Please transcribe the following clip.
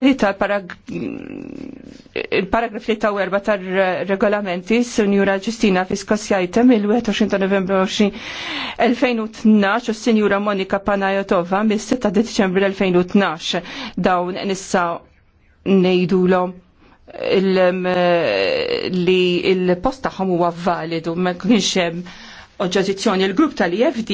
il-paragraf li ta' werba tar regolamenti Sinjura Ġustina Fiskos jajtem il-21 ta' novembru 2012 u Sinjura Monika Panajotova mis-6 deċembru 2012 dawn nissa nejdulom mm, li il posta huwa validu ma kienx hemm il-grupp tal ifd